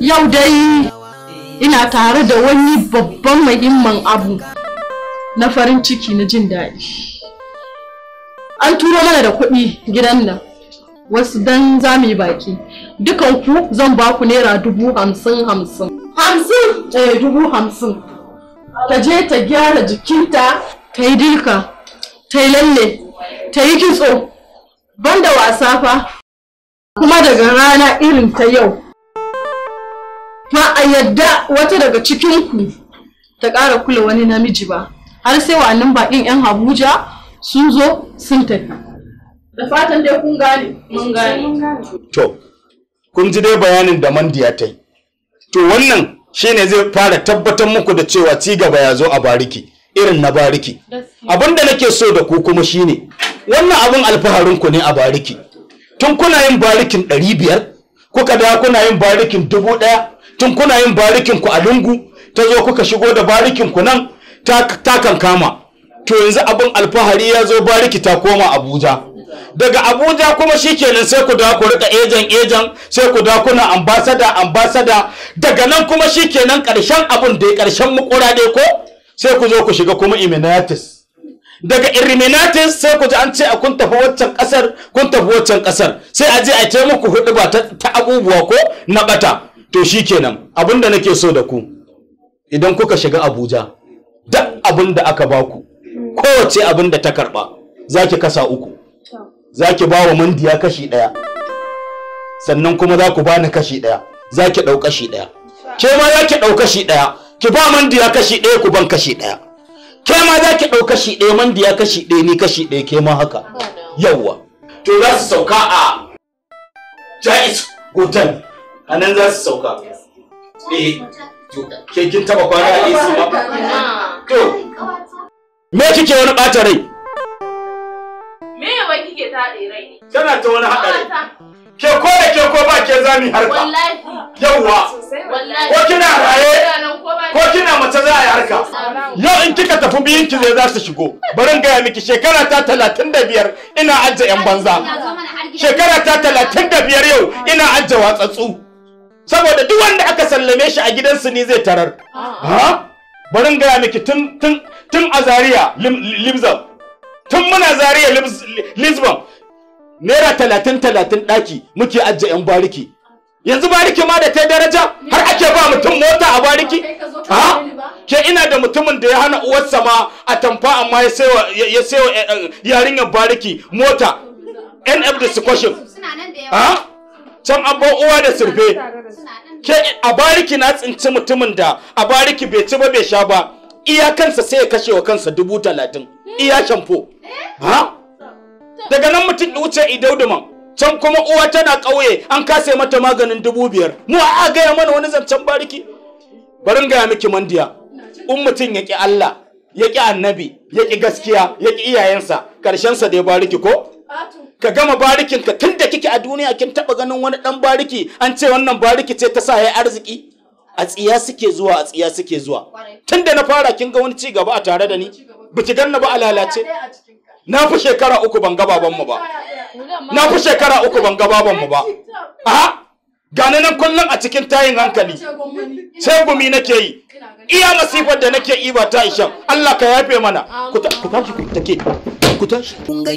Yau dai ina tare da wani babban muhimman abu na farin ciki na jin daɗi. An turo mana da kuɗi gidan nan, wasu dan za mu yi baki. Dukan ku zan ba ku naira dubu hamsin hamsin. Hamsin? Eh dubu hamsin. Ta je ta gyara jikinta, ta yi dirka, ta yi lalle, ta yi kitso, banda wasa fa. kuma daga rana irin ta yau ba a yadda wata daga cikinku ta ƙara kula wani namiji ba har sai wa'annan baƙin 'yan Habuja sun zo sun tafi da fatan dai kun gane mun gane to kun ji dai bayanin da mandiya ta yi to wannan shine zai fara tabbatar muku da cewa ci gaba ya zo a bariki irin na bariki abin da nake so da ku kuma shine wannan abin alfaharinku ne a bariki tun kuna yin barikin ɗari biyar kuka da kuna yin barikin dubu ɗaya tun kuna yin barikin ku a lungu ta zo kuka shigo da barikin ku nan ta kankama to yanzu abin alfahari ya zo bariki ta koma abuja daga abuja kuma shikenan sai ku da ku rika ejan ejan sai ku da kuna ambasada ambasada daga nan kuma shikenan karshen abin da ya karshen mukura dai ko sai ku zo ku shiga kuma iminatis daga irminatis sai ku ji an ce a kun tafi waccan kasar kun tafi waccan kasar sai a je a ce muku hudu ba ta abubuwa ko na bata to shi kenan abinda nake so da ku idan kuka shiga Abuja duk abinda aka ba baku kowace abinda ta karba zaki kasa uku zaki bawa mandiya kashi daya sannan kuma za ku bani kashi daya zaki ɗau kashi daya ke ma zaki ɗau kashi daya ki ba mandiya kashi ɗaya, ku ban kashi ɗaya. ke ma za ki ɗau kashi ɗaya man ya kashi ɗaya ni kashi ɗaya ke ma haka yawwa to za su sauka a jais gotan a nan za su sauka eh ke kin taba kwana a AC ba to me kike wani ɓata rai me ya kike ta rai ne tana ta wani haɗa rai ke ko da ke ko ba ke zami harka yawwa ko kina raye ko kina mace za a yi harka yau in kika tafi biyun ki zai za su shigo barin in gaya miki shekara ta talatin da biyar ina ajiye yan banza shekara ta talatin da biyar yau ina ajiye watsatsu saboda duk wanda aka sallame shi a gidansu ni zai tarar ha bari gaya miki tun tun tun a zaria limzam tun muna zaria lisbon naira talatin talatin ɗaki muke ajiye yan bariki yanzu bariki ma da ta daraja har ake ba mutum mota a bariki ke ina da mutumin da ya hana uwarsa ma a tamfa amma ya saiwa ya saiwa eh, eh, yarinyar bariki mota NF discussion ha can an uwa da surfe ke a bariki na tsinci mutumin da a bariki bai ci ba bai sha ba iya kansa sai ya kashe wa kansa dubu talatin iya shamfo eh? ha daga nan mutum ya wuce idauduman can kuma uwa tana ƙauye an kase mata maganin dubu biyar mu a gaya mana wani zancen bariki barin gaya miki mandiya in mutum ya ƙi Allah ya ƙi annabi ya ƙi gaskiya ya ƙi iyayensa ƙarshensa da ya bariki ko ka gama barikin ka tun da kike a duniya kin taba ganin wani dan bariki an ce wannan bariki ce ta sa ya arziki a tsiya suke zuwa a tsiya suke zuwa tun da na fara kin ga wani ci gaba a tare da ni biki ganna ba a lalace na fi shekara uku ban ga babanmu ba na fi shekara uku ban ga babanmu ba a gane nan kullum a cikin tayin hankali sai gumi nake yi iya masifar da nake iba ta ishan Allah ka yafe mana ku tashi ku tashi